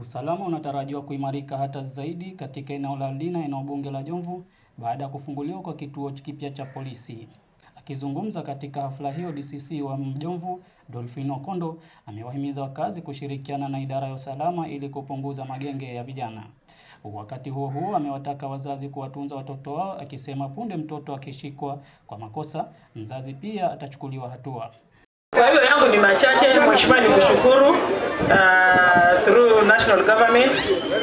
Usalama unatarajiwa kuimarika hata zaidi katika eneo la Lina eneo bunge la Jomvu baada ya kufunguliwa kwa kituo kipya cha polisi. Akizungumza katika hafla hiyo, DCC wa mjomvu dolfino kondo amewahimiza wakazi kushirikiana na idara ya usalama ili kupunguza magenge ya vijana. Wakati huo huo, amewataka wazazi kuwatunza watoto wao akisema punde mtoto akishikwa kwa makosa, mzazi pia atachukuliwa hatua. Kwa hiyo yangu ni machache, mheshimiwa, ni kushukuru uh, ah, through national government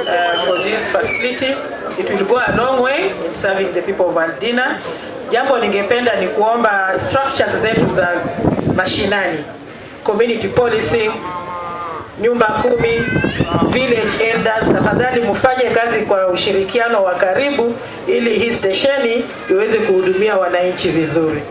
uh, for this facility. It will go a long way in serving the people of Aldina. Jambo ningependa ni kuomba structures zetu za mashinani, community policy, nyumba kumi, village elders, tafadhali mufanye kazi kwa ushirikiano wa karibu ili hii stesheni iweze kuhudumia wananchi vizuri.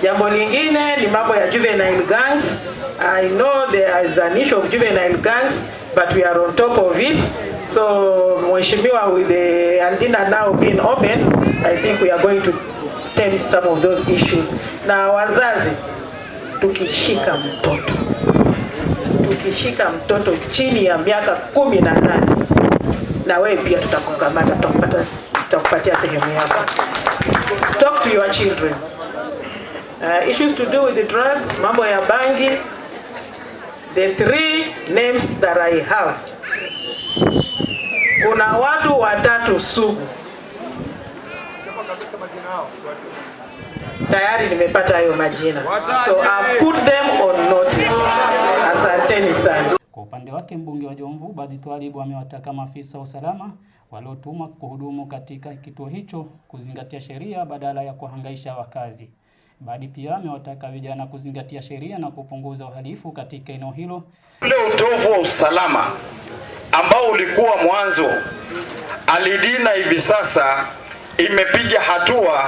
Jambo lingine ni mambo ya juvenile gangs. I know there is an issue of juvenile gangs but we are on top of it. So mheshimiwa, with the Aldina now being open, I think we are going to tend some of those issues. Na wazazi tukishika mtoto tukishika mtoto chini ya miaka kumi na nane na wewe pia tutakukamata, tutakupatia sehemu yako. Talk to your children uh, issues to do with the drugs, mambo ya bangi. The three names that I have, kuna watu watatu sugu tayari nimepata hayo majina, so I've put them on notice. Asanteni sana. Kwa upande wake mbunge wa Jomvu Badi Twalib amewataka maafisa wa usalama waliotumwa kuhudumu katika kituo hicho kuzingatia sheria badala ya kuhangaisha wakazi. Badi pia amewataka vijana kuzingatia sheria na kupunguza uhalifu katika eneo hilo. Ule utovu wa usalama ambao ulikuwa mwanzo, alidina hivi sasa imepiga hatua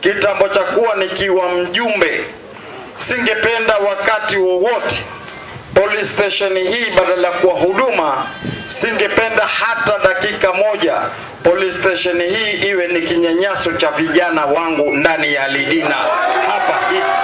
kitambo cha kuwa nikiwa mjumbe, singependa wakati wowote police station hii badala ya kuwa huduma singependa hata dakika moja police station hii iwe ni kinyanyaso cha vijana wangu ndani ya Lidina hapa hii.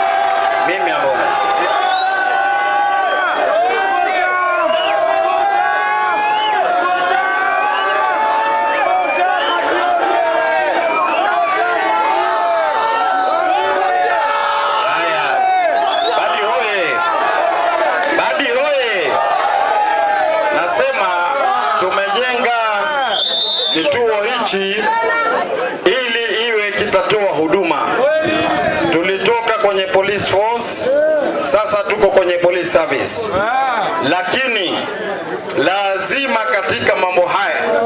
kituo hichi ili iwe kitatoa huduma. Tulitoka kwenye police force, sasa tuko kwenye police service, lakini lazima katika mambo haya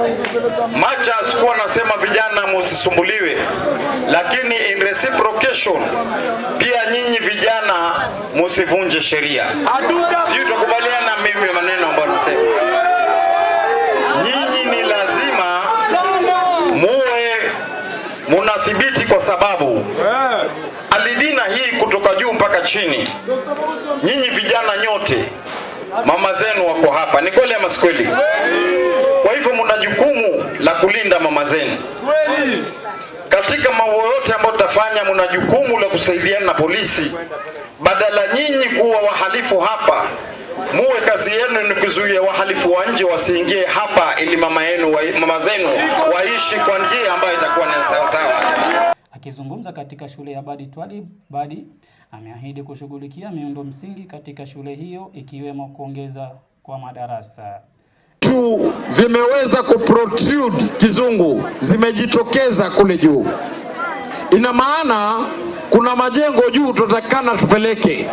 macha asikuwa nasema vijana musisumbuliwe, lakini in reciprocation pia nyinyi vijana musivunje sheria. Sijui tukubaliana mimi maneno ambayo nasema munathibiti kwa sababu eh. alidina hii kutoka juu mpaka chini. Nyinyi vijana nyote, mama zenu wako hapa, ni kweli ama si kweli? Kwa hivyo muna jukumu la kulinda mama zenu katika mambo yote ambayo tutafanya. Muna jukumu la kusaidiana na polisi, badala nyinyi kuwa wahalifu hapa muwe kazi yenu ni kuzuia wahalifu wa nje wasiingie hapa, ili mama yenu wa, mama zenu waishi kwa njia ambayo itakuwa ni sawasawa. Akizungumza katika shule ya Badi Twalib Badi ameahidi kushughulikia miundo msingi katika shule hiyo ikiwemo kuongeza kwa madarasa tu zimeweza kuprotrude kizungu zimejitokeza kule juu, ina maana kuna majengo juu tutatakana tupeleke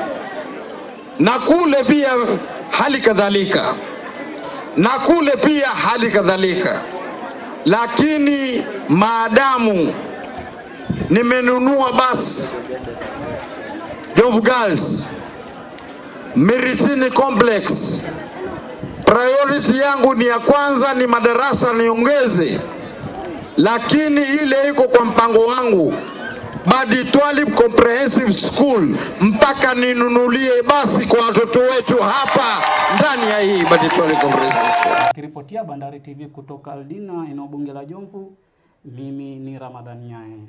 na kule pia hali kadhalika, na kule pia hali kadhalika. Lakini maadamu nimenunua basi Jovu Girls Miritini Complex, priority yangu ni ya kwanza ni madarasa niongeze, lakini ile iko kwa mpango wangu Maditwali Comprehensive School mpaka ninunulie basi kwa watoto wetu hapa ndani ya hii Maditwali Comprehensive School. Kiripotia Bandari TV kutoka Aldina, eneo bunge la Jomvu, mimi ni Ramadhani Nyae.